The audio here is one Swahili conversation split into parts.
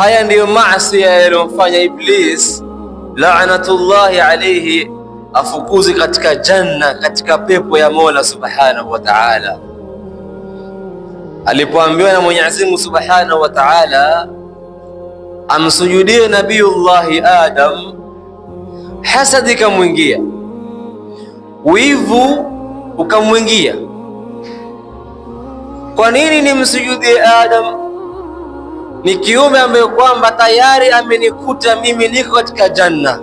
Haya ndiyo maasi yaliyomfanya Iblis laanatullahi alayhi afukuzi katika janna, katika pepo ya Mola subhanahu wa ta'ala. Alipoambiwa na Mwenyezi Mungu subhanahu wa ta'ala amsujudie Nabiyullahi Adam, hasadi ikamwingia, wivu ukamwingia. Kwa nini nimsujudie Adam? ni kiumbe ambaye kwamba tayari amenikuta mimi niko katika janna,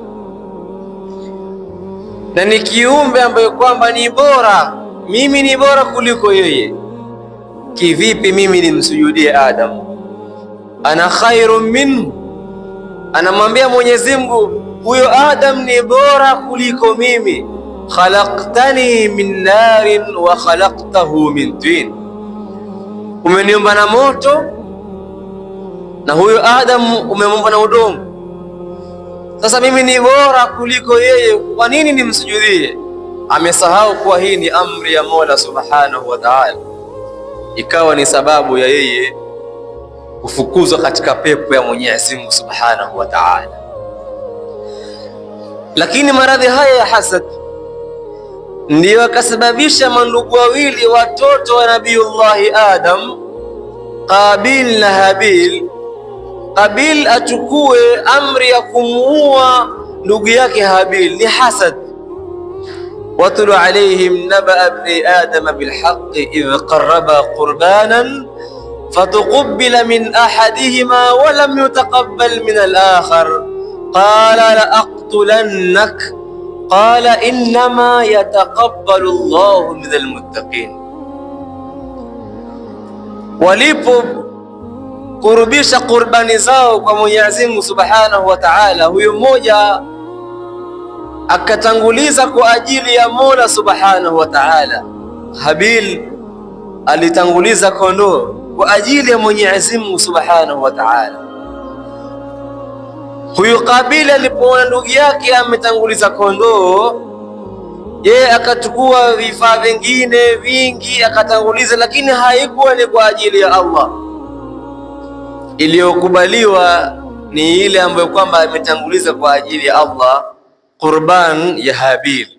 na ni kiumbe ambaye kwamba ni bora, mimi ni bora kuliko yeye. Kivipi mimi nimsujudie Adam? Ana khairu minhu, anamwambia Mwenyezi Mungu, huyo Adam ni bora kuliko mimi. Khalaqtani min narin wa khalaqtahu min tin, umeniumba na moto na huyo Adamu umemumba na udongo. Sasa mimi ni bora kuliko yeye, kwa nini nimsujudie? Amesahau kuwa hii ni amri ya Mola Subhanahu wa Ta'ala, ikawa ni sababu ya yeye kufukuzwa katika pepo ya Mwenyezi Mungu Subhanahu wa Ta'ala. Lakini maradhi haya ya hasad ndiyo akasababisha mandugu wawili watoto wa Nabiyullahi Adam, Qabil na Habil Qabil achukue amri ya kumuua ndugu yake Habil ni hasad. Watlu alayhim nabaa bni adama bilhaqi idh qaraba qurbanan fatuqubila min ahadihima walam yutaqabbal min alakhar qala laaqtulannak qala innama yataqabbalu llahu min almuttaqin walipo kurubisha qurbani zao kwa Mwenyezi Mungu Subhanahu wa Ta'ala. Huyu mmoja akatanguliza kwa ajili ya Mola Subhanahu wa Ta'ala. Habil alitanguliza kondoo kwa ajili ya Mwenyezi Mungu Subhanahu wa Ta'ala. Huyu Kabili alipoona ndugu yake ametanguliza kondoo, yeye akachukua vifaa vingine vingi akatanguliza, lakini haikuwa ni kwa ajili ya Allah iliyokubaliwa ni ile ambayo kwamba ametanguliza kwa ajili ya Allah qurban ya Habil.